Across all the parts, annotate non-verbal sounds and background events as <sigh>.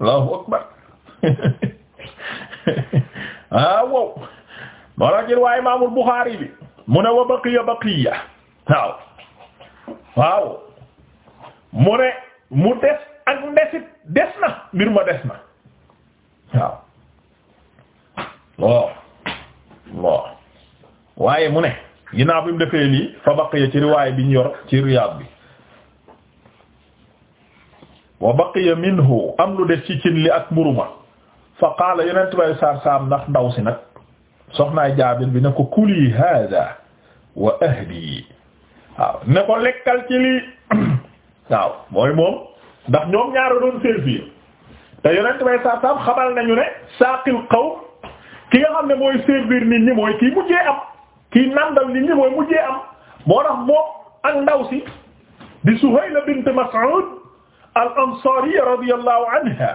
allahu akbar <laughs> ah wow moo la jël waaye imaamul bi mu ne wa baqiya baqiya waaw waaw mu ne mu des ak ndesit des na mbir ma des na waaw waaw waaw waaye mu ne ginnaaw bi mu fa baqiya ci riwaay bi ñu yor ci Riyaad bi wa baqiya minhu am lu def ci cin li ak mburuma fa qaala yonent bay saar saam ndax ndaw si nag soxnaay jaabir bi ne ko kuli hada wa ahli waaw ne ko lekkal ci lii <clears throat> waaw mooy moom ndax ñoom ñaara doon servir te yonent bay saar saam xamal nañu ne saaqil qawm ki nga xam ne mooy servir ni ñi mooy kii mujjee am ki nandal nit ñi mooy mujjee am moo tax moom ak ndaw si di Suhayla bint Mas'ud al ansariya radiyallahu anha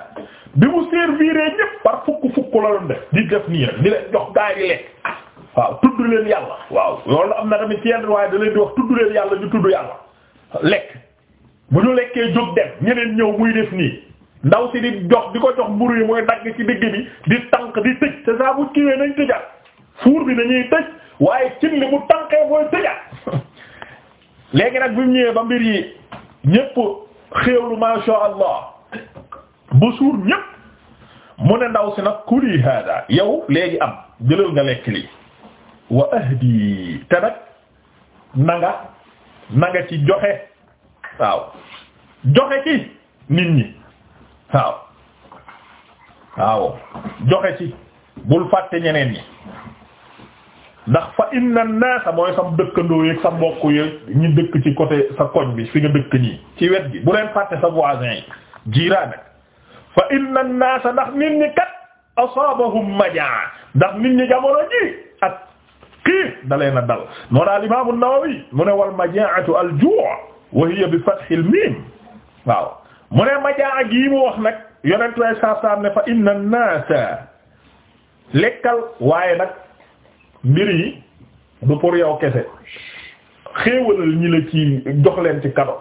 bi mu servir ñëpp par fukk fukk la doon def di def nii rek di leen jox gaa yi lekk waaw tudd leen yàlla waaw loolu am na tamit ci yenn waaye da leen di wax tudd leen yàlla ñu tudd yàlla lekk bu ñu lekkee jóg dem ñeneen ñëw muy def nii ndaw si di jox di ko jox mburu yi mooy dagg ci digg bi di tànk di tëj te saa bu kiiwee nañ tëjaat fuur bi nañuy tëj waaye cin li mu tànkee mooy tëjaat <laughs> léegi nag bi mu ba mbir yi ñëpp xéewlu ma sha allah bu suur ñépp mu ne ndaw si nag kuli hada yow léegi am jëlal nga lekk lii wa ahdi te nag na nga na nga ci joxe waaw joxe ci nit ñi waaw waaw joxe ci bul fàtte ñeneen ñi ndax fa a naasa mooy sam dëkkandoo yeeg sa mbokk yeeg ñi dëkk ci côté sa koñ bi fi nga dëkk nii ci wet gi bu leen fàtte sa voisin yi jiiraan nag fa inna naasa ndax nit ñi kat asaabahum majaa ndax nit ñi jamono ji ak xiif da leen dal moo daal imaam nawawi mu ne wal majaa'atu al-juu' wa hiya bi fathi al-miim waaw mu ne majaa gi mu wax nag yonent way saa saa ne fa inna naasa lekkal waaye nag mbir yi du pour yow kese xéewalal ñi ci jox leen ci kado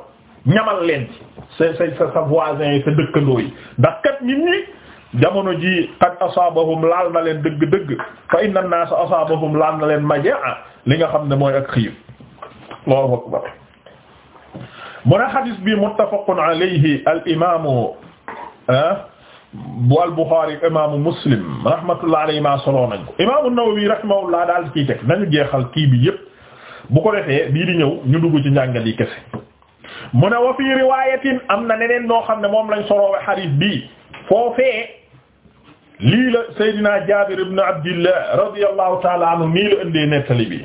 ñamal leen ci sa sa voisin yi sa dëkkandoo yi ndax kat nit ñi jamono ji qad asaabahum laal na leen dëgg-dëgg fa inna an-naas asaabahum laal na leen majaa li nga xam ne mooy ak xiif mu ne xadis bi muttafaqun alayhi al imaamu ah bu al Buxaari Muslim rahmatullahi alayhi ma solo nañ daal ciy teg nañu jeexal kii bi yëpp bu ko defee bii di ñëw ñu dugg ci njàngal yi kese mu ne wa fii riwaayatin am na neneen noo xam ne moom lañ soroowe xadiis bii foofee lii la Seydina Jaabir ibn Abdillah radiyallahu ta'ala anhu nii la indee nettali bi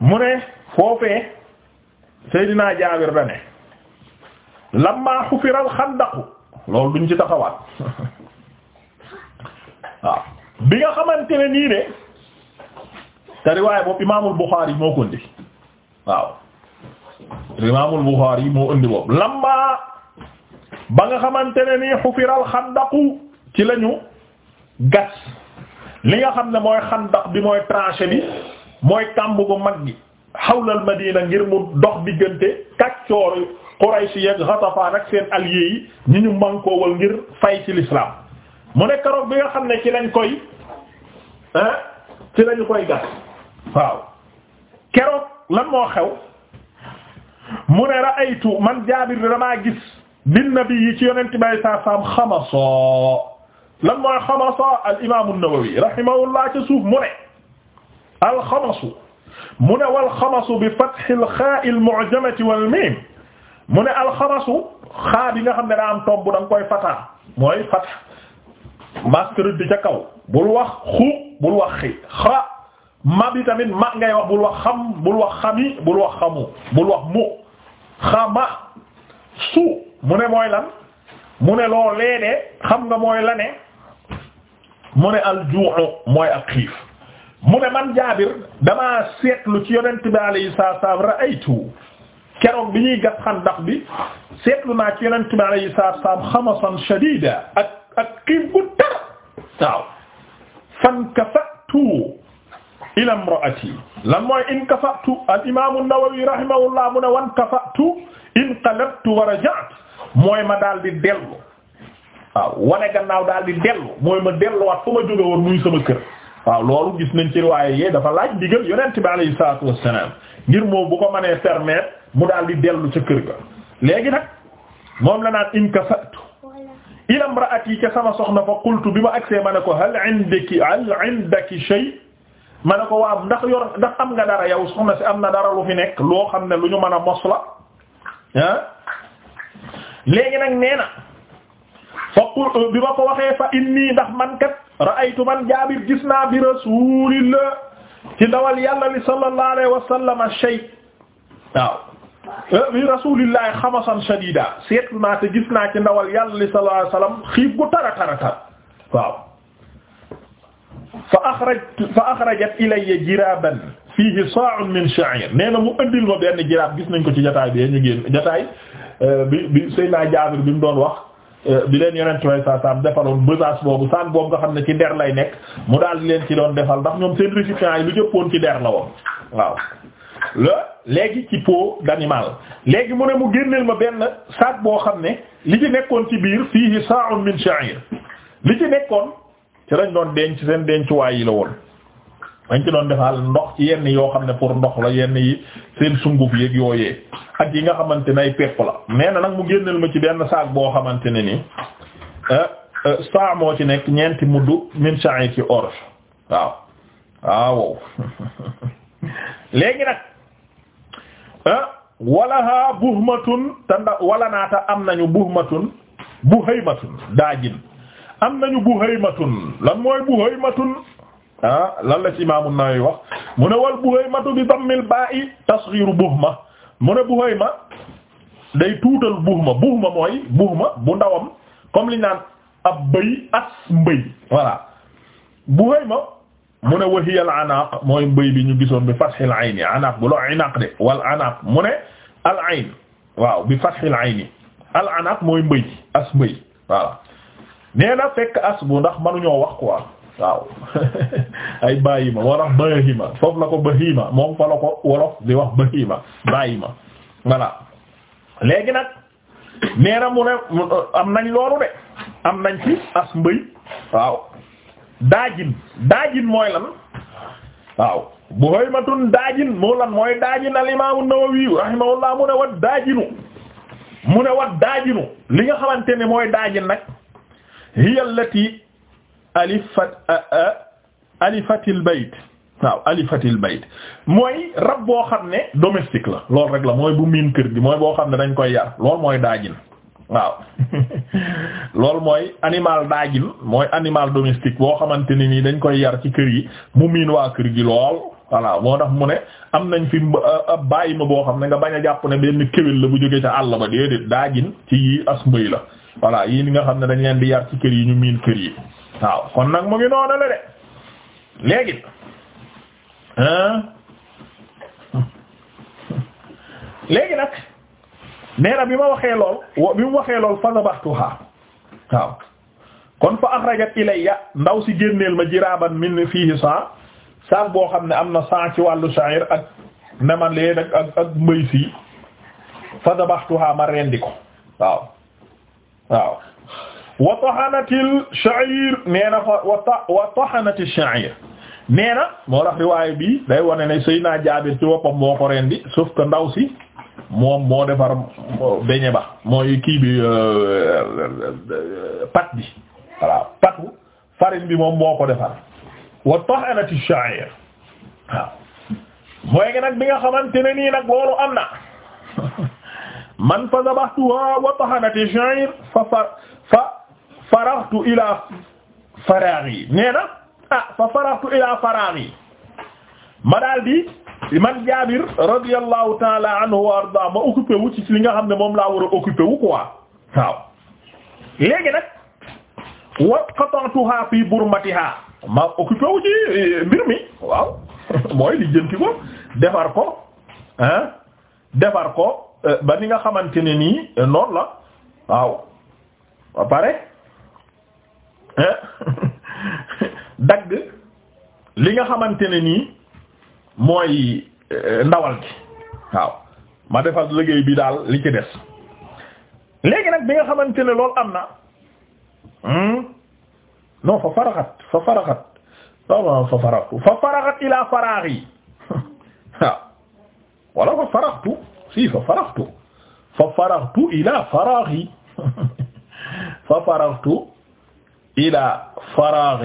mu ne Seydina Jaabir da lamma xufiral xandaqu loolu duñ ci taxawaat <laughs> waaw bi nga xamante ne nii ne te riwaay boobu imaamul Buxaari moo ko indi waaw imaamul Buxaari moo indi boobu lamma ba nga xamante ne nii xufiral xandaqu ci lañu gas li nga xam ne mooy xandaq bi mooy tranchée bi mooy kàmb bu mag gi xawlal madina ngir mu dox diggante kaccooru Quraysh yeeg Ghatafaan ak seen alliés yi ñi ñu mànkoowal ngir fay ci l'islam mu ne keroog bi nga xam ne ci lañ koy ah ci lañu koy gas waaw keroog lan moo xew mu ne ra'aytu man Jaabir damaa gis bin nabi ci yonent bi saa saam xamasa lan mooy xamasa al imaamu Nawawi rahimahullah ca suuf mu ne al xamasu mu ne wal xamasu bi fathil xaa'i al mu'jamati wal miim mu ne alxamasu xaa bi nga xam ne daa am tomb da nga koy fataa mooy fata masque di ca kaw bul wax xu bul wax xi xa ma bi tamit ma ngay wax bul wax xam bul wax xamu bul wax mu xama su mu ne mooy lan mu ne loo leedee xam nga mooy la mu ne aljuuxu mooy ak xiif mu ne man jaabir damaa seetlu ci yonent bi alayhi ay ra'aytu keroog bi ñuy gat xandax bi seetlu naa ci yonent bi alayhi salaatu salaam xamasan shadiida ak ak xiif gu tar waaw fankafatu ila imraati lan mooy inkafatu al imam an mu ne wankafatu inqalabtu wa raja'tu mooy ma daal di dellu waaw wane gannaaw daal di dellu mooy ma delluwaat fu ma jóge woon muy sama kër waaw loolu gis nañ ci riwaaye yee dafa laaj digal yonent bi alayhi salaatu wassalaam ngir moom bu ko mënee permettre mu daal di dellu ci kër ga léegi nag moom la naan inkafatu ila imraati ca sama soxna fa bi ma agsee ma ne ko hal indaki hal indaki ma ne ko waaw am nga dara yow soxna si am na dara lu fi nekk loo xam ne lu ñu mën a mos la ah nag nee na fa bi ma ko waxee fa inni ndax man kat ra'aytu man jaabir gis naa bi rasulillah ci dawal yàlla li sallallahu alayhi wa sallam shay waaw bi eh, rasulillahi xamasan shadida seetlu naa te gis naa ci ndawal yàlla li sallallahu alayhi wasallam xiif gu tara tara tar waaw fa axraj fa axrajat ilayya jiraban fiihi saa'un min sha'ir nee na mu ëndil ma benn jiraab gis nañ ko ci jotaay bi ñu génn jotaay eh, bi bi Seydina Jaabir bi mu doon wax eh, bi leen yonent way saa sam defaloon besace boobu saan boobu nga xam ne ci der lay nekk mu daal di leen ci doon defal ndax ñoom seen récipients yi lu jëppoon ci der la woon waaw la léegi ci peau d'animal léegi mu ne mu génneel ma benn sac boo xam ne li ci nekkoon ci biir fiihi sa'un min sha'ir li ci nekkoon ci lañ doon denc seen dencuwaay yi la woon dañ ci doon defal ndox ci yenn yoo xam ne pour ndox la yenn yi seen sunguf yeeg yooyee ak yi nga xamante ne ay pepp la nee na nag mu génneel ma ci benn sac boo xamante ne ni euh, euh, saa moo ci nekk ñeenti mudd min sha'ir ci orge waaw waaw <laughs> léegi nag walaha buhmatun te nda wala naata am nañu buhmatun buhaymatun daajin am nañu buhaymatun lan mooy buhaymatun ah lan la ci Imaam An-Nawawi wax mu ne wal buhaymatu bi dammil ba'i tasghiru buhma mu ne buhayma day tuutal buhma buhma mooy buhma bu ndawam comme li naan ab bëy as mbëy voilà buhayma mu ne waxiyal anaq mooy bëy bi ñu gisoon bi fathil ayni anaq bu la inaq de wal anaq mu ne al waaw bi fathil ayni mooy mbëy as mbëy waaw nee na fekk as bu ndax mënuñoo wax quoi waaw <laughs> ay bàyyima wala bahima foofu la ko bahima moom fa la ko wolof di wax bahima bàyyima voilà léegi nag nee na mu ne am nañ loolu de am nañ ci as mbëy waaw daajin daajin mooy lan waaw buhaymatun daajin moo lan mooy daajin al wa an-Nawawi rahimahullah mu ne wat daajinu mu ne wat daajinu li nga xamante ne mooy daajin nag hiya allati alifat alifatil bayt waaw alifatil bayt mooy rab boo xam ne domestique la loolu rek la mooy bu miin kër gi mooy boo xam ne dañ koy yar loolu mooy daajin waaw loolu mooy animal daajil mooy animal domestique boo xamante ne nii dañ koy yar ci kër yi mu miin waa kër gi lool voilà moo tax mu ne am nañ fi euh, ab bàyyi ma boo xam ne nga bañ a jàpp ne benn kéwél la bu jógee ca àll ba déedéet daajin ci yi as la voilà yii li nga xam ne dañ leen di yar ci kër yi ñu miin kër yi waaw kon nag mu ngi noonu la de léegi <laughs> léegi nag nee na bi ma waxee lool wa bi mu waxee lool fa zabaxtuha waaw kon fa axrajat ilayya ndaw si génneel ma jiraaban min fiihi sa saak boo xam ne am na sa ci wàllu sha'ir ak nemalee nag ak ak mbay si fa zabaxtuha ma rendi ko waaw waaw wa tahanatil sha'ir nee na fa wa tahanati sha'ir nee na moo tax riwaaya bi day wane ne Seydina Jaabir ci woppam moo ko rendi sauf que ndaw si moom moo defar beñe ba mooy kii bi euh, euh, pâte bi voilà pâtu farine bi moom moo ko defar wa tahanati sha'ir waaw mooy ngi nag bi nga xamante ne nii nag loolu am na <laughs> man fa dabahtuha wa tahanati sha'ir fa fa faraghtu ila faraghi nee ah fa ila faraghi ma daal di man Jaabir radiyallahu taala anhu wa arda ma occupé wu ci li nga xam ne moom laa war a occupé wu quoi waaw léegi nag wa qata'tuha fi burmatiha ma occupé wu ci e, mbir waaw <laughs> mooy li jënti ko defar ko ah defar ko e, ba ni nga xamante ne nii e, la waaw ba pare <laughs> dagg li nga xamante ne nii mooy euh, ndawal gi waaw ma defal liggéey bi daal li ci des léegi nag bi nga xamante ne loolu am na hmm? non fa faraxat fa faraxat waaw fa faraxtu fa faraxat ila faraax <laughs> wala fa faraxtu si fa faraxtu fa faraxtu ila faraax <laughs> fa faraxtu ila faraax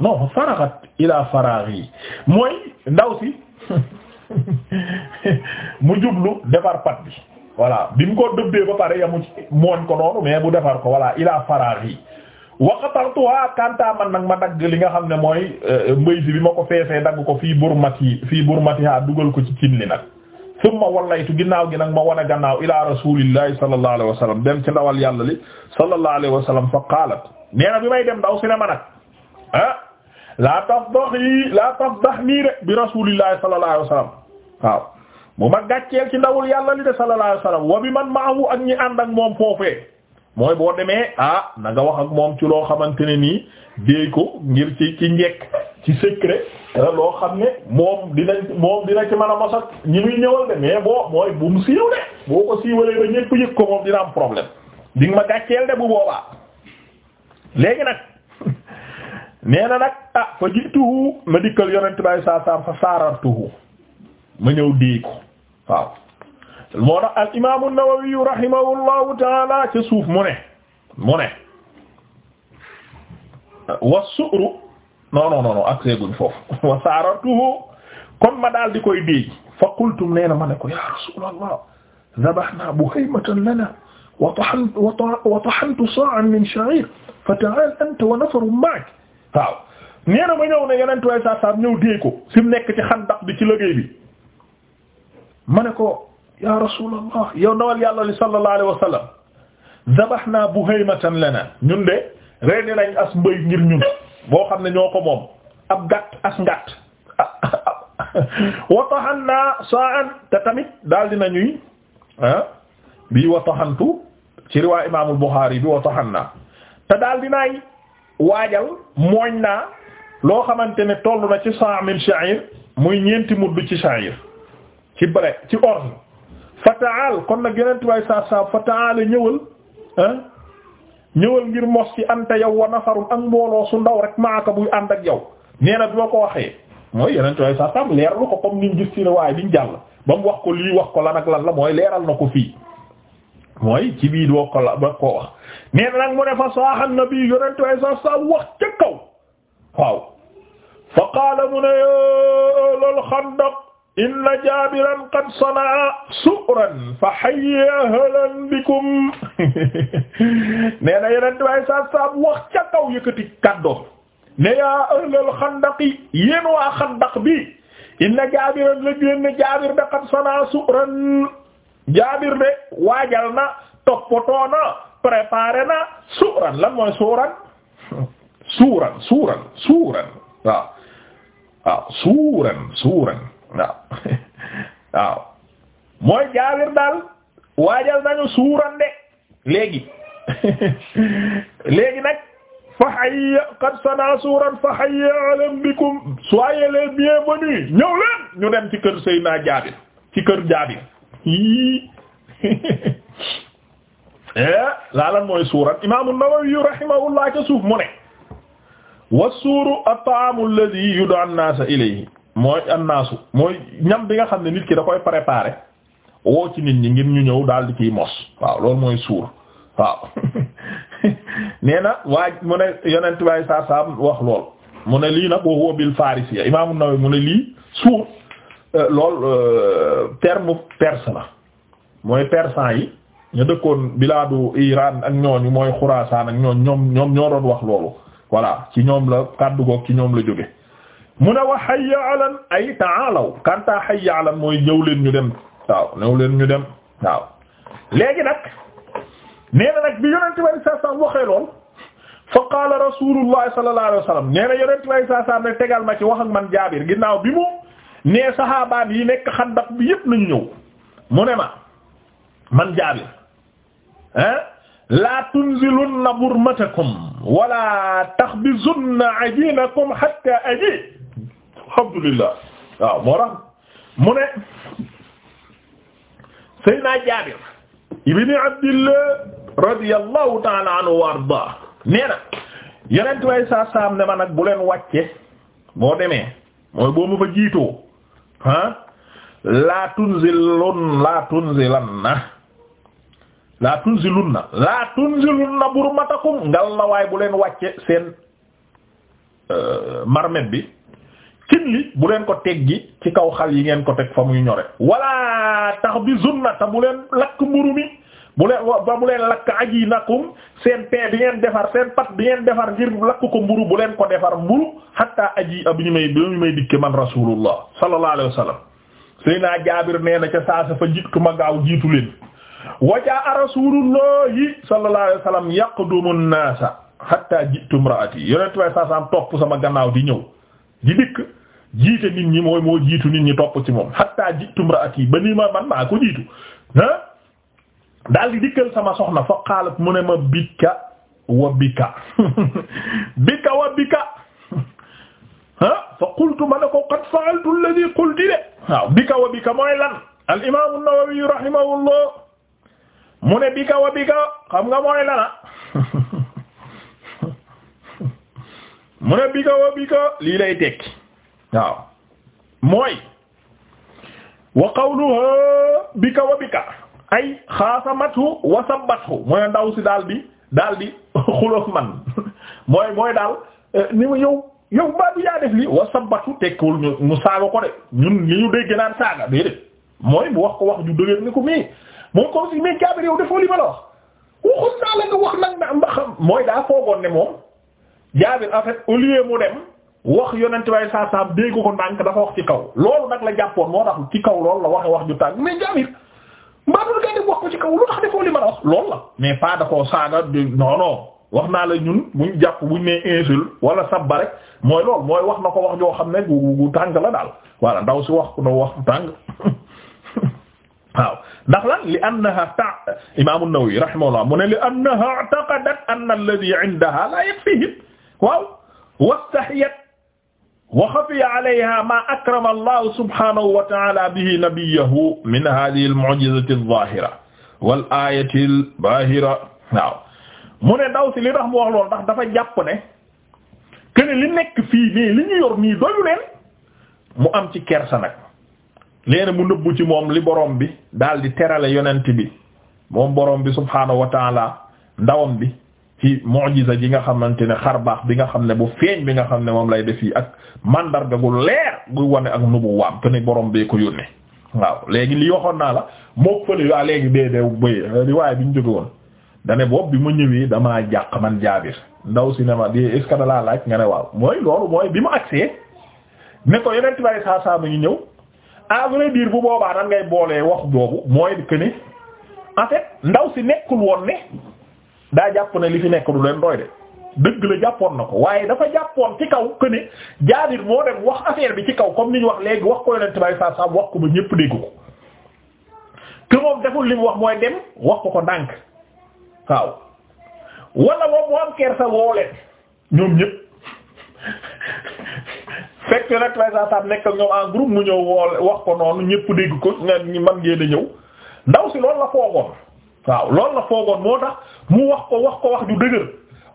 non fa faraxat ila faraax yi mooy ndaw si mu jublu defar pat bi voilà bi mu ko dëbbee ba pare yamu ci mooñ ko noonu mais bu defar ko voilà ila faraar yi waqatartuha kanta man nag ma dagg li nga xam ne mooy euh, mbay si bi ma ko feesee dagg ko yi fii burmati fii burmatiha dugal ko ci cin li nag summa wallaytu ginnaaw gi nag ma wan a gannaaw ila rasulillahi sallallahu alayhi wa sallam dem ci ndawal yàlla li sallallahu alayhi wa fa qaalat nee bi may dem ndaw si ne ma nag ah, laa tafdahi laa tafdahni de bi rasulillahi sallallahu alayhi waaw bu ma gàcceel ci ndawul yàlla li de sallallahu alayhi wasallam wa bi man maahu ak ñi ànd ak moom foofee mooy boo demee ah na nga wax ak moom ci loo xamante ne nii déey ko ngir ci ci njekk ci secret loo xam ne moom dinañ moom dinañ ci mën a mosat ñi muy ñëwal de mais boo mooy bu mu siiw de boo ko siiwalee ba ñëpp yëg ko moom dina am problème di ma gàcceel de bu boobaa léegi nag nee na nag ah fa jiituhu ma dikkal yonent baay saa saam fa saarartuhu ma ñëw dii ko waaw moo tax al imaamu an-Nawawi rahimahullahu taala ca suuf mu ne mu ne wa su'ru non non non ak seeguñ foofu <laughs> wa saarartuhu kon ma daal di koy déej fa qultum nee na ma ne ko ya rasulallah dabahna buhaymatan lana wa tahantu wa tahantu sa'an min sha'ir fa ta'al anta wa nafarun ma'ak waaw nee ma ñëw na yeneen tuwaay saa saa ñëw dee ko si mu nekk ci xandax bi ci liggéey bi ma ne ko ya rasulallah yow ndawal yàlla li sallallahu alayhi wa sallam dabaxnaa buhaymatan lana ñun de rendi nañ as mbëy ngir ñun boo xam ne ñoo ko moom ab gàtt as ngàtt <laughs> wataxannaa sa'an te tamit daldi dina ñuy ah bii wataxantu ci riwaa imaamul Buxaari bi wataxannaa te daal dinaay waajal mooñ naa loo xamante ne toll na ci cent mille sha'ir muy ñeenti mudd ci sha'ir ci blé ci orge fa kon nag yeneen tubaab saa saa fa taal ñëwal ah ñëwal ngir mos ci anta yow wa nafarun ak mbooloo su ndaw rek maaka buy ànd ak yow nee na bi ma ko waxee mooy yeneen tubaab saa saa leerlu ko comme niñ gis ci ne waaye biñ jàll ba mu wax ko lii wax ko lan ak lan la mooy leeral na ko fii. mooy ci bii doo ko la doo ko wax mais nag mu ne fa saaxa nabi yonent way sa sa wax ca kaw waaw fa qaala mu ne lool xandaq inna jaabiran qad sanaa su'ran fa hayya ahlan bikum <laughs> nee na yonent way sa sa wax ca kaw yëkkati kaddo ne yaa ahlal xandaqi yéen waa xandaq bi inna jaabiran la génn jaabir da qad sanaa su'ran jaabir de waajal na toppatoo na préparé na suuran lan mooy suuran suuran suuran suuran waaw waaw suuran suuran waaw <laughs> waaw mooy jaabir daal waajal nañu suuran de léegi <laughs> léegi nag fa hayya qad sana suuran fa hayya alam bikum soyez les bienvenus ñëw leen ñu dem ci kër Seydina jaabir ci kër jaabir yii <laughs> eh, laalan mooy suuran imaamu Nawawi rahimahullah ca suuf mu ne wa suuru at-ta'aamu alladhi yud'a an mooy annaasu mooy ñam bi nga xam ne nit ki da koy préparer woo ci nit ñi ngir ñu ñëw daal di kiy mos waaw loolu mooy suur waaw <laughs> nee na waaj mu ne yonent baay saa saa wax lool mu ne lii nag wa bil farisiya imaamu Nawawi mu ne lii suur Euh, lool euh, terme perse la mooy persan yi ñu dëkkoon bilaadu Iran ak ñooñu mooy Xuraasaan ak ñooñ ñoom ñoom ñoo doon wax loolu voilà ci ñoom la kàddu ci ñoom la jóge mu ne wa hayya alan ay taalaw kanta hayya alan mooy ñëw leen ñu dem waaw ñëw ñu dem waaw léegi nag nee na nag bi yonente way a sam waxee lool fa qaala rasulullah sallallahu alayhi wasallam nee na yonente way tegal ma ci wax ak man jaabir ginnaaw bi mu nee saxaabaan yi nekk xandak bi yépp nañu mu ne ma man jaabir ah laa tunzilunna burmatakum wala taxbizunna ajinakum hatta alhamdulillah waaw moo mu ne Seydina Jaabir ibn Abdillah radiyallahu ta'ala anhu wa ardaa nee na yeneen tubaab saa ne ma nag bu leen wàcce boo demee mooy fa jiitoo ah laa tunzilun laa tunzilanna laa tunzilunna laa tunzilunna burmatakum ngal la waay bu leen wàcce seen euh, marmet bi cin li bu leen ko teggi ci kaw xal yi ngeen ko teg fa muy ñore wala tax bi zunna te bu leen lakk mburu mi bu leen ba bu leen lakk aji nakum seen pain bi ngeen defar seen pat bi ngeen defar ngir lakk ko mburu bu leen ko defar mburu hatta aji ab ñu may bi may dikke man rasulullah sallallahu alayhi wasallam Seydina Jaabir nee na ca saasa fa jiktu ma gaaw jiitu leen wajaa rasulullahi sallallahu alayhi wasallam yaqdumu an-naasa hatta jitu imraati yonent way saasaam topp sama gannaaw di ñëw di dikk jiite nit ñi mooy moo jiitu nit ñi topp ci moom hatta jitu imraati ba ni ma man daal di sama soxna fa xaalat mu ne ma bikka wa bikka <laughs> bikka wa bikka ah <laughs> fa qultu ma ne ko qad fa'altu alladhi qulti de bikka wa bikka mooy lan al imam an bikka wa bikka xam nga mooy lana ah <laughs> mu ne bikka wa bikka lii lay tekki waaw mooy wa qawluha bikka wa bikka ay xaasamatu wasabatu mooy ndaw si daal di daal di <laughs> xulóof man <laughs> mooy mooy daal eh, ni mu yow yow mbaa du yaa def lii wasabatu tekkiwul ñu mu saaga ko de ñun li ñu dégg naan saaga déedéet mooy bu wax ko wax ju dëgër ni ko mii moom comme si mais Jaabir yow defoo li ma la wax waxoon mooy daa foogoon ne moom Jaabir mu dem wax yonent way saa saam dégg ko ndànk dafa wax ci kaw loolu nag la jàppoon moo tax ci kaw loolu la waxe wax ju tàng mais Jaabir mbaadul kay def wax ko ci kaw lu tax defoo wax loolu la mais pas saaga di wax naa la ñun buñ jàpp buñ nee insulte wala sabba rek mooy lool mooy wax na ko wax joo xam ne gu gu tàng la daal wala ndaw si wax no wax tàng <laughs> waaw ndax lan li annaha ta imam an-Nawawi mu ne li annaha i'taqadat anna alladhi 'indaha la yakfihi waaw wa xafiya alayha maa akrama allahu subhanahu wa ta'ala bihi nabiyahu min hadhihi al-mu'jizati adh-dhahira wal ayati al-bahira waaw mu ne ndaw si li tax mu wax loolu ndax dafa jàpp ne kene li nekk fii nii li ñu yor nii doyu leen mu am ci kersa nag nee na mu nëbbu ci moom li borom bi daal di terale yonent bi moom borom bi subhanahu wa ta'ala ndawam bi ci mu'jiza ji nga xamante ne xar baax bi nga xam ne bu feeñ bi nga xam ne moom lay def yi ak mandarga gu leer guy wane ak nubuwaam te ni borom bee ko yónnee waaw léegi li waxoon naa la moo fële waa léegi bee deew bi ñu jóge woon dane bi ma ñëwee damaa jàq man jaabir ndaw si ne ma di est-ce laa laaj nga ne waaw mooy loolu mooy bi ma agsee ne ko yeneen tubaab yi saa saa mu ngi ñëw à vrai dire bu boobaa nan ngay boolee wax boobu mooy que ne en fait ndaw si nekkul woon ne daa jàpp na li fi nekk du leen doy de dëgg la jàppoon na ko waaye dafa jàppoon ci kaw que ne moo dem wax affaire bi ci kaw comme ni ñu wax léegi wax ko yonent bi saa saa wax ko ba ñépp dégg ko que moom deful li mu wax mooy dem wax ko ko ndànk waaw wala moom moo am kersa woo ñépp fekk yonent bi saa saa nekk ñoom en groupe mu ñëw woo wax ko noonu ñépp dégg ko nga man ngeen a ñëw ndaw si loolu la foogoon waaw loolu la foogoon moo tax. mu wax ko wax ko wax ju dëgër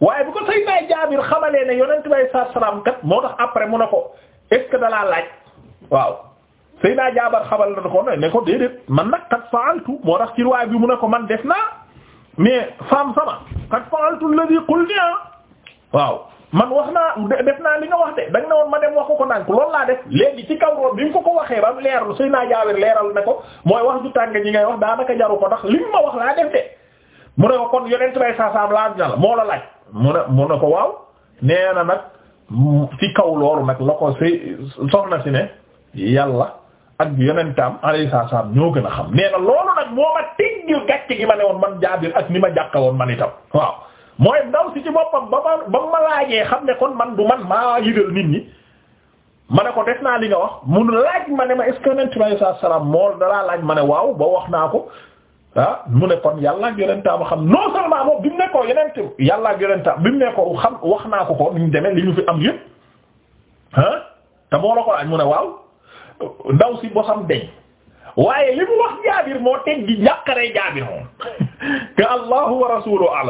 waaye bu ko Seydina Jaabir xamalee ne yonent bay saa salaam kat moo tax après mu ne ko est-ce que dalaa laaj waaw Seydina Jaabir xamal na ko ne ko déedéet man nag kat fa'altu moo tax ci riwaaya bi mu ne ko man def naa mais faam sama kat fa'altu alladhi qultu ah. waaw man wax naa def naa li nga wax de da nga ne woon ma dem wax ko ko naan ko loolu laa def léegi ci kaw loolu bi nga ko ko waxee ba mu leerlu Seydina Jaabir leeral ne ko mooy wax ju tàng ñi ngay wax daanaka jaru ko tax li wax laa def mu ne ko kon yonent bay saasaam laaj na la moo la laaj mu ne mu ne ko waaw nee na nag ci kaw loolu nag la ko si soxna si ne yàlla ak yonentam alayhi salaam ñoo gën a xam nee na loolu nag moo ma teggil gàcce gi ma ne woon man jaabir ak ni ma jàkka woon man itam waaw mooy ndaw si ci boppam ba ma ma laajee xam ne kon man du man maa yëgal nit ñi ma ne ko def naa li nga wax mun laaj ma ne ma est-ce que salaam moo dalaa laaj ma ne waaw ba wax naa ko ah mu ne kon yàlla ak yonentaam xam non seulement moom bi mu nekkoo yeneen yàlla ak bi mu nekkoo xam wax naa ko ko ni ñu demee li ñu fi am yëpp ah te boo la ko laaj mu ne waaw ndaw si bosam <laughs>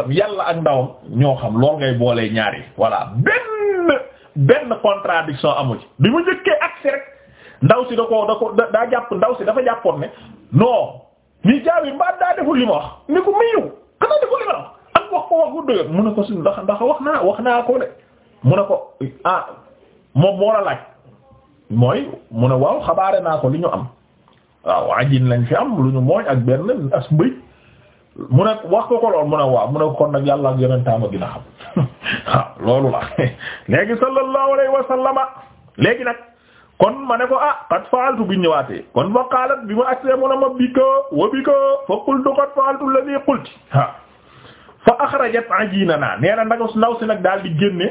yàlla ak ndawam ñoo xam lool ngay boolee ñaari voilà benn benn contradiction amu bi mu njëkkee accès rek ndaw si da ko da ko daa jàpp ndaw si dafa jàppoon ne non mi jaabir mbaa daa deful li wax ni ko miiw xanaa deful li ma ak wax ko wax bu dëgg mu ne ko si ndax ndax wax naa wax naa ko de mu ne ko ah moom moo la laaj mooy mu ne waaw xabaare naa ko li ñu am waaw ajin lañ fi am lu ñu mooñ ak benn as mbëy mu a wax ko ko lool mu ne waaw mu ne kon nag yàlla ak yonentaama dina xam <laughs> waaw loolu la <laughs> léegi sallallahu alayhi wa léegi nag kon ma ne ko ah qad faaltu bi ñëwaatee kon fa qaalat bi ma agsee mu ne ma bi ka wa bi ka fa qultu qad faaltu alladhi fa akhrajat ajinana nee na ndaga ndaw si nag daal di génne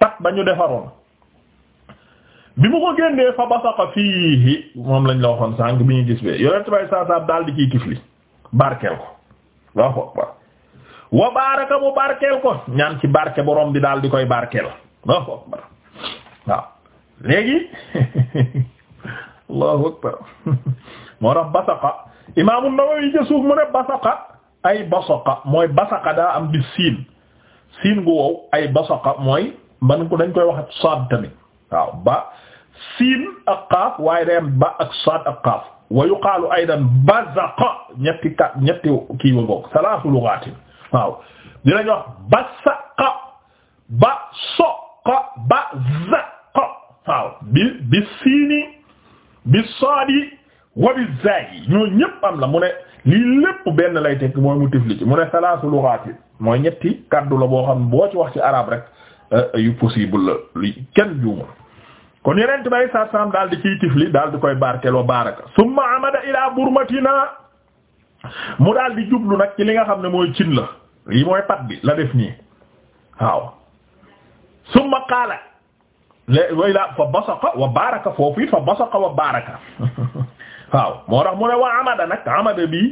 pat ba ñu defaroon bi mu ko génnee fa fii fiihi moom lañ la waxoon sànq bi ñu gis bee yonent bay saasaab daal di ciy tifli barkeel ko waaw waaw wa baaraka mu barkeel ko ñaan ci barke borom bi daal di koy barkeel waaw waaw léegi allahu akbar moo tax basaqa imaamu Nawawi ca mu ne basaqa ay basaqa mooy basaqa daa am bi siin siin gu wow ay basaqa mooy man ko dañ koy wax saad tamit waaw ba siin a qaaf waaye day am ba ak saad ak qaaf wa yuqaalu aydan basaqa ñetti kat ñetti kii wa goog salaasu lugaatin waaw dinañ wax basaqa basaqa basaqa waaw bi bi siini bi saadi wa bi zaayi ñépp am la mu ne lii lépp benn lay tekk mooy mu tifli ci mu ne salaasu luxaati mooy ñetti kaddu la boo xam boo ci wax ci araab rek euh, yu possible la li kenn juuma kon yeneen bay sa sam di ciy tifli daal di koy barkeloo baraka summa amada ila burmatina mu daal di jublu nag ci li nga xam ne mooy cin la lii mooy pat bi la def nii waaw summa qaala lé way la fa basaqa wa baraka foofu fa basaqa wa baraka <laughs> waaw moo tax mu wa amada nag amada bi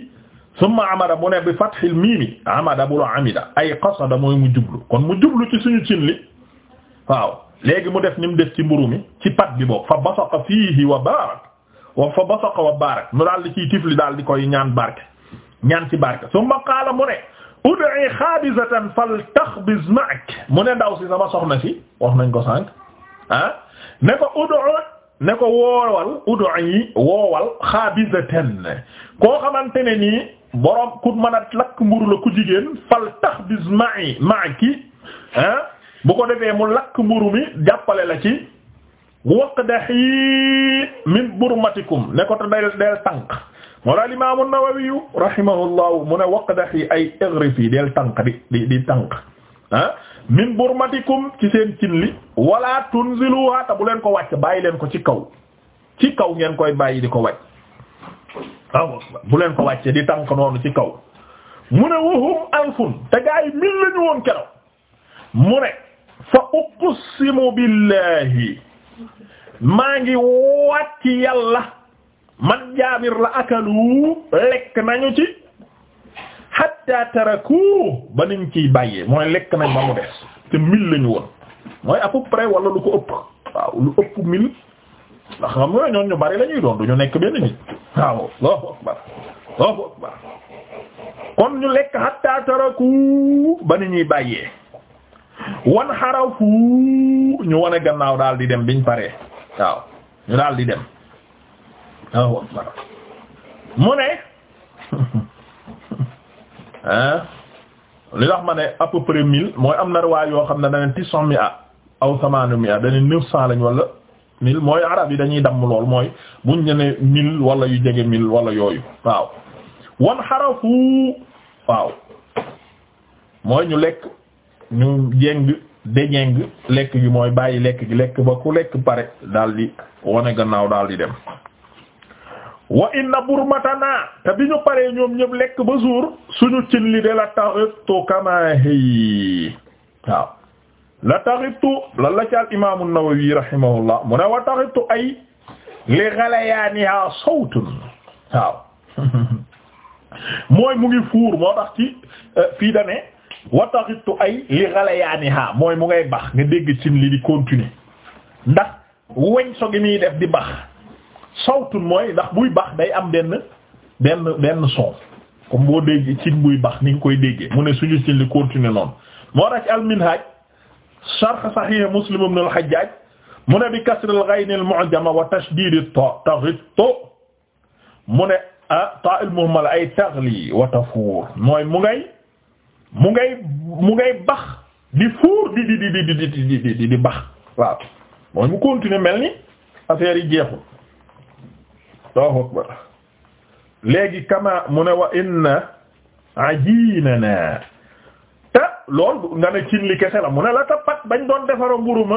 summa amada mu ne bi fathil miimi amada bu amida ay qasada mooy mu jublu kon mu jublu ci suñu cin li waaw mu def ni mu def ci mburu mi ci pat bi boobu fa basaqa fiihi wa barak mu daal di ti tifli daal di koy ñaan barke ñaan ci barke summa qaala mu ne ud'i xaabizatan fal taxbiz ma'ak mu ne ndaw si si wax nañ ko sànq ah ne ko ud'u ne ko woowal ud'i woowal xaabizatan koo xamante ne nii borom ku mën lakk mburu la ku jigéen fal taxbiz ma'i ma'aki ah bu ko defee mu lakk mburu mi jàppale la ci waqdahi min burmatikum ne ko te day del tànk wala al-imam an-Nawawi rahimahullah mu ne waqdahi ay igrifi del tànk di di di tànk ah min burmatikum ci seen cin li wala tunziluha ta bu leen ko wàcc bàyyi leen ko ci kaw ci kaw ngeen koy bàyyi di ko wàcc bu leen ko wàccee di tànk noonu ci kaw mu ne wahum alfun te gaa yi mil lañu woon keroog mu ne fa uqsimu billahi maa ngi wàcc yàlla man jaabir la akalu lekk nañu ci hatta taraku ba niñ ciy bàyyee mooy lekk nañ ba mu des te mil lañu woon mooy à peu près wala lu ko ëpp waaw lu ëpp mil ndax xam nga ñu bari lañuy ñuy doon du ñu nekk benn nit waaw Allahu akbar Allahu akbar kon ñu lekk hatta ba ni ñuy bàyyee wan xarafu ñu wane gannaaw daal di dem biñ paree waaw ñu daal di dem mu ne <laughs> li tax ma ne à peu mille mooy am na riwaay yoo xam ne dana tis'u a aw samanu mi'a dana neuf cent lañ wala mille mooy arab yi dañuy damm lool mooy buñ ne ne mille wala yu jege mille wala yooyu waaw wan xarafu waaw mooy ñu lekk ñu jéng déjéng lekk gi mooy bàyyi lekk gi lekk ba ku lekk pare daal di wane gannaaw daal di dem wa inna burmatana te bi ñu paree ñoom ñëpp lekk ba suur suñu cin li de la taxittu kama hi waaw la taxittu lan la ci al imaamu Nawawi rahimahullah mu ne wa taxittu ay li ghalayaaniha sawtun waaw <laughs> mooy mu ngi fuur moo tax ci eh, fii da wa taxittu ay li ghalayaaniha mooy mu ngay bax nga dégg cin li di continuer ndax weñ so gi muy def di bax sawtun mooy ndax buy bax day am benn benn benn son comme boo dégg cin buy bax ni nga koy déggee mu ne suñu cin li continuer moo tax al-Minhaj sharh Sahih Muslim ibn al-Hajjaj mu ne bi kasr al-ghayn al-mu'jama wa tashdid at-ta mu ne ah ta al ay taghli wa tafuur mooy mu ngay mu ngay mu ngay bax di fuur di di di di di di di bax waaw mooy mu continuer mel ni affaire yi jeexul Allahu léegi kama mu ne wa inna ajinana te loolu nga ne cin li kese la mu ne la ta bañ doon defaro mburu ma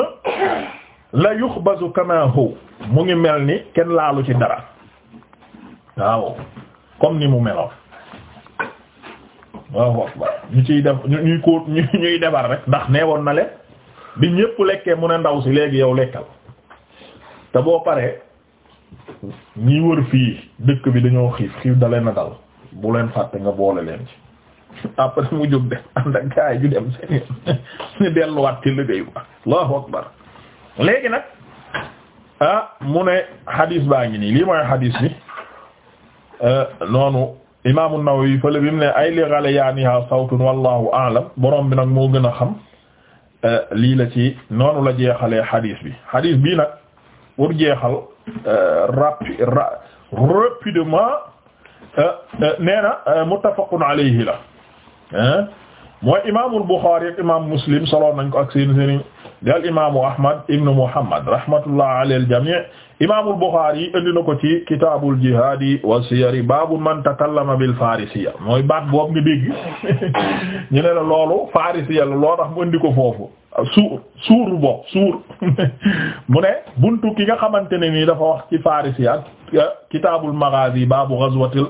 la yuxbazu kama hu mu ngi mel ni kenn laalu ci dara waaw comme ni mu meloon waaw akbar ñu ciy def ñuy ko ñuy defar rek ndax neewoon na leen bi ñépp lekkee mu ne ndaw si léegi yow lekkal te boo paree ñi wër fii dëkk bi dañoo xiif xiif da leen a dal bu leen fàtte nga boole leen ci après mu jóg def ànd ak gaay dem seen delluwaat ci liggéey ba allahu akbar léegi nag ah mu ne xadiis baa ngi nii lii mooy xadiis bi euh, noonu imaamu Nawawi fële bi mu ne ay li ghaliyaaniha sawtun wallahu a'lam borom bi nag moo gën a xam euh, lii la ci noonu la jeexalee xadiis bi xadiis bii nag pour jeexal Euh, rapi rapidement euh, euh, nee na muttafaqun alayhi la mooy imaamul Buxaari ak imaam Muslim soloon nañ ko ak seen seen dal imaamu Ahmad ibn Muhammad rahmatullah alal jamii imaamul Buxaari indi na ko ci kitaabul jihaadi wa siyari baabu man takallama bil farisiya mooy baat boobu nga dégg <laughs> ñu ne la loolu farisiya la loo tax mu indi ko foofu suur suur bo suur <laughs> mu ne buntu ki nga xamante ne nii dafa wax ci farisiya kitaabul maghaazi baabu ghazwatil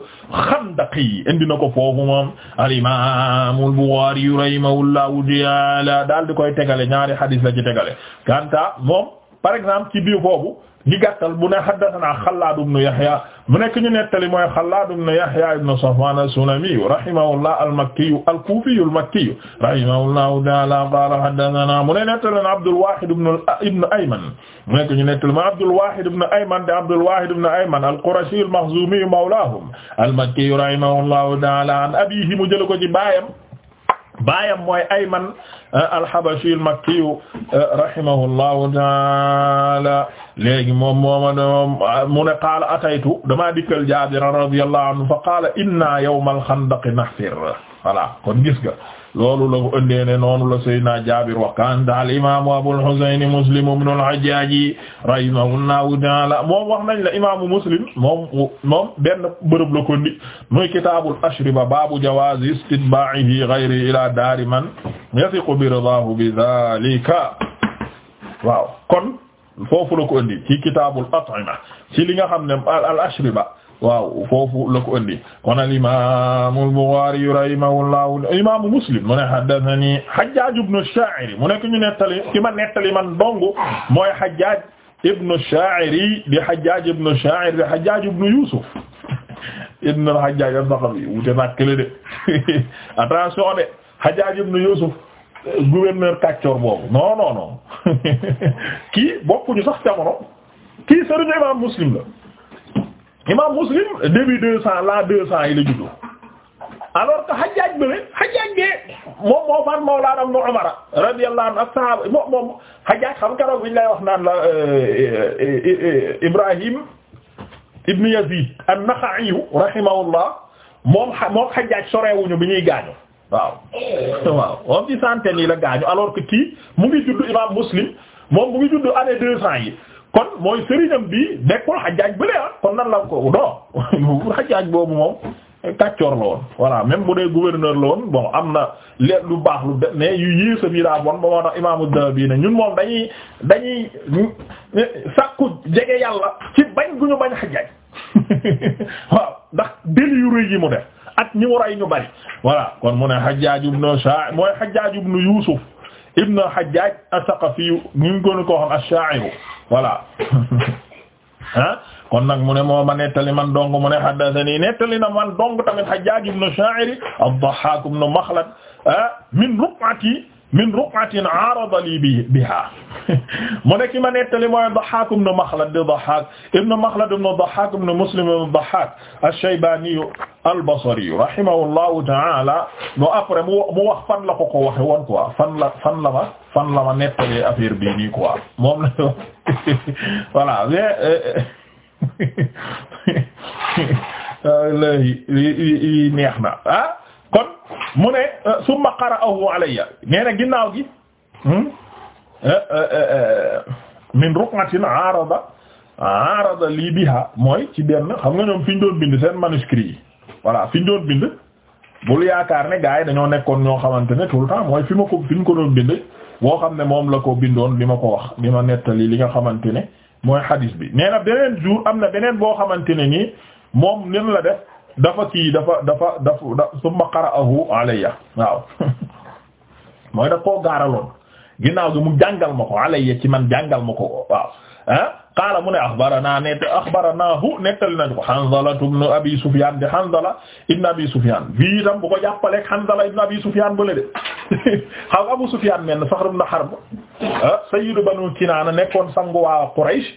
xandaqi indi na ko foofu moom al imaamul Buxaari rahimahullahu ta'ala daal di koy tegale ñaari hadis la ci tegale kanta moom par exemple ci biir boobu di gàttal bu ne haddathana Xallaad ibn Yahya mu nekk ñu nettali mooy Xallaad ibn Yahya ibn Safwaan as-Sulami rahimahullah al-Makki al-Kufi al-Makki rahimahullahu ta'ala qala haddathana mu ne nettali Abdul Wahid ibn Ayman mu nekk ñu nettali ma Abdul Wahid ibn Ayman de Abdul Wahid ibn Ayman al-Qurashi al-Makhzumi mawlahum al-Makki rahimahullahu ta'ala an abihi mu jël ko ci baayam baayam mooy Ayman euh, al-Habashi al-Makki euh, rahimahullahu taala léegi moom mooma mu ne qaala ataytu damaa dikkal Jaabir radiyallahu anhu fa qaala inna yawma al-Khandaq nahfir voilà kon gis nga loolu la ko ëndee ne noonu la Seydina Jaabir wa kanta al imaamu Abul Husayn Muslim ibn al-Hajjaj rahimahullahu ta'ala moom wax nañ la imaamu Muslim moom moom benn bërëb la ko ndi muy kitaabul ashriba baabu jawaazi istitbaa'ihi ghayri ila daari man yathiqu bi ridaahu bi dhaalika waaw kon foofu la ko indi ci kitaabul at'ima ci li nga xam ne al ashriba waaw foofu la ko andi kon al imam al Bukhari rahimahullahu imam Muslim mu ne haddathani Hajjaj ibn Sha'iri mu nekk ñu nettali ki ma nettali man dong mooy Hajjaj ibn Sha'iri di Hajjaj ibn Sha'iri di <laughs> al-Hajjaj an-Naqabi wute nakkle de <laughs> attention de Hajjaj Yusuf gouverneur kàccoor boobu non non non <laughs> kii bokkuñu sax jamono kii sëriñu imam Muslim imam muslim début deux cent la deux cent yi la juddu alors que Hajjaj bële Hajjaj gee moom moo faat Mawlaana Ibn Umar radiyallahu anhu as-sahaaba moom moom Hajjaj xam nga keroog bi ñu lay wax naan la euh, euh, euh, Ibrahim ibn Yazid an-Nakha'i rahimahullah moom moom Hajjaj sorewuñu bi ñuy gaañu waaw <laughs> waaw moom ci centaine yi la gaañu alors que kii mu ngi juddu imam muslim moom mu ngi juddu année deux yi kon mooy sëriñam bi nekkul xajaaj bële ah kon nan la ko non <laughs> xajaaj boobu moom kàccoor la woon voilà même bu dee gouverneur la woon bon am na leer lu baax lu de mais yu yéesa bi daa bon ba moo imaamu Dahabi ñun moom dañuy dañuy sàkku jege yàlla ci bañ gu bañ xajaaj <laughs> ndax déli yu rëy yi mu def ak ñi mu ñu bari voilà kon mu ne Hajjaaj ibnu Shaa'ir mooy Hajjaaj ibnu Yuusuf ibnu Hajjaaj as-Saqafi ñu ngi gën koo xam as-Shaa'iru voilà ah <laughs> kon nag mu ne moo ma nettali man dong mu ne haddathani nettali na man dong tamit Hajjaj ibn Sha'iri ad-Dhahhak ibn Makhlad min ruq'ati min ruqatin aarada lii bi biha mu nekk ma nettali mooy Dahhaak ibn Makhlad di Dahhaak ibn Makhlad ibn Dahhaak ibn Muslim ibn Dahhaak ash-Shaybaani al-Basri rahimahullahu ta'ala no après mu mu wax fan la ko ko waxe woon quoi fan la fan la ma fan la ma nettali affaire bii nii quoi moom la <laughs> voilà mais euh, euh, <laughs> euh, neex na ah kon mu ne euh, summa qara'ahu alayya nee na ginnaaw gi hmm? euh, euh, min ruqatin arada arada lii biha mooy ci benn xam nga ñoom fi doon bind seen manuscrit yi voilà fi doon bind bul yaakaar ne gaa yi dañoo nekkoon ñoo xamante ne tout le mooy fi ma ko fi ko doon bind boo xam ne moom la ko bindoon li ma ko wax li ma nettali li nga xamante ne mooy hadis bi nee na beneen jur am na beneen boo xamante ne nii moom nen la def dafa kii dafa dafa dafa summa qara'ahu alayya <laughs> mooy da koo gaaraloon ginnaaw gi mu jàngal ma ko alayya ci man jàngal ma ko waaw ah mu ne axbarana net axbaranahu nettali na ko Hanzala ibn Abi Sufyan de Hanzala ibn Abi Sufyan bi itam Hanzala ibn Abi Sufyan ba le <laughs> xaw Abu Sufyan men Saxr ibn Harb ah, sayyidu Banu Kinaana nekkoon sangu waa Quraysh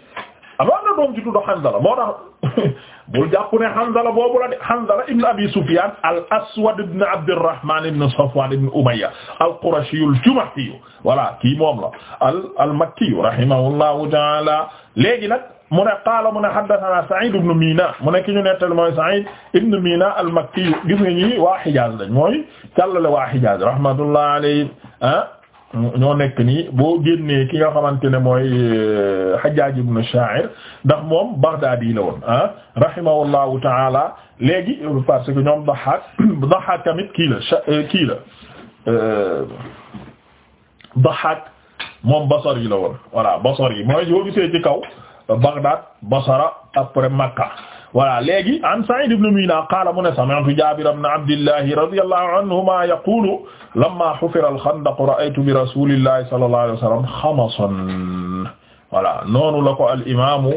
amoon na doom ci tudd Hanzala moo tax <laughs> bul jàpp ne Hanzala boobu la de Hanzala ibn Abi Sufyan al-Aswad ibn Abdurrahman ibn Safwan ibn Umayya al-Qurashi al-Jumahi voilà kii moom la al al-Makki rahimahullahu ta'ala léegi nag mu ne qaala mu ne haddathana Sa'id ibn Mina mu ne ki ñu nettal mooy Sa'id ibn Mina al-Makki gis nga ñi waa Hijaz lañ mooy càllale waa Hijaz rahmatullahi alayhi ah, ñoo nekk nii boo génnee ki nga xamante ne mooy euh, Hajjaj ibn Sha'ir ndax moom Baghdadi la woon ah rahimahullahu ta'ala léegi parce que ñoom Dahhak <coughs> Dahhak tamit kii la euh, kii la euh, Dahhak moom Basri la woon voilà Basri mooy boo gisee ci kaw Baghdad Basra après voilà léegi an Sa'id ibn Mina qaala mu ne sami'tu Jaabir ibn Abdillahi radiyallahu anhuma yaqulu lamma hufira al-khandaq ra'aytu bi rasulillahi sallallahu alayhi wa sallam xamasan voilà noonu la ko al imaamu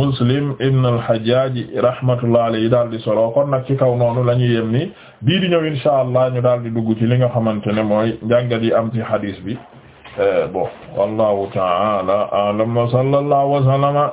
Muslim ibn al-Hajjaj rahmatullahi alayhi daal di solo kon nag ci kaw noonu la ñu yem ni bii di ñëw inshaa Allah ñu daal di dugg ci li nga xamante ne mooy njàngat yi am ci hadis bi eh, bon wallahu ta'ala a'lam wa sallallahu wa sallama